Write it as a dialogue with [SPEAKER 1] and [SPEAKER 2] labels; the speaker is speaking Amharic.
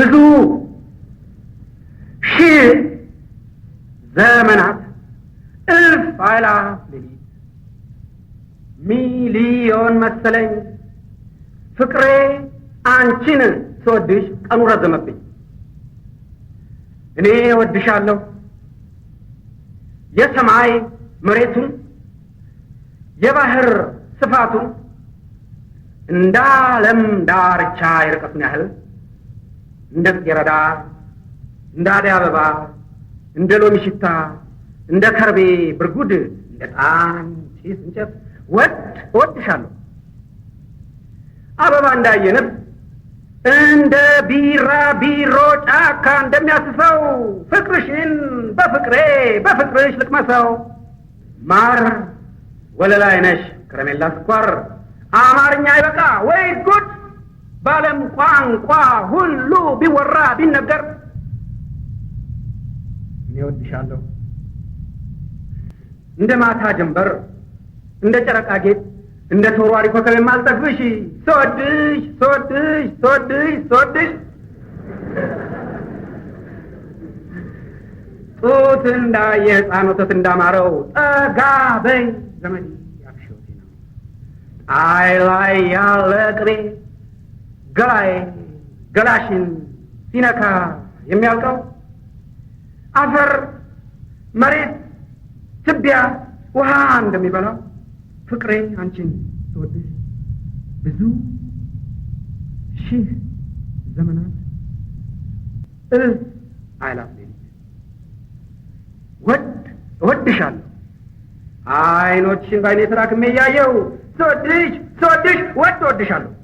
[SPEAKER 1] ብዙ ሺህ ዘመናት እልፍ አእላፍ ሌሊት ሚሊዮን መሰለኝ ፍቅሬ አንቺን ስወድሽ ቀኑ ረዘመብኝ። እኔ ወድሻለሁ የሰማይ መሬቱን የባህር ስፋቱን እንዳለም ዳርቻ የርቀቱን ያህል እንደ ጽጌረዳ፣ እንደ አደይ አበባ፣ እንደ ሎሚ ሽታ፣ እንደ ከርቤ ብርጉድ፣ እንደ ጣን ጭስ እንጨት ወድ እወድሻለሁ አበባ እንዳየንብ እንደ ቢራ ቢሮ ጫካ እንደሚያስሰው ፍቅርሽን በፍቅሬ በፍቅርሽ ልቅመሰው። ማር ወለላይ ነሽ ከረሜላ ስኳር አማርኛ ይበቃ ወይ ቋንቋ ሁሉ ቢወራ ቢነገር እኔ ወድሻለሁ እንደ ማታ ጀንበር፣ እንደ ጨረቃ ጌጥ፣ እንደ ተሯሪ ኮከብ የማልጠግብሽ ስወድሽ ስወድሽ ስወድሽ ስወድሽ ጡት እንዳ የሕፃን ወተት እንዳማረው ጠጋ በይ ዘመድ ያፍሸቴ ነው ጣይ ላይ ያለ ቅቤ ገላይ ገላሽን ሲነካ የሚያውቀው አፈር፣ መሬት፣ ትቢያ፣ ውሃ እንደሚበላው ፍቅሬ አንቺን ስወድሽ ብዙ ሺህ ዘመናት እዝ አይላት ወድ እወድሻለሁ አይኖችን በአይኔ ተራክሜ እያየው ስወድሽ ስወድሽ ወድ እወድሻለሁ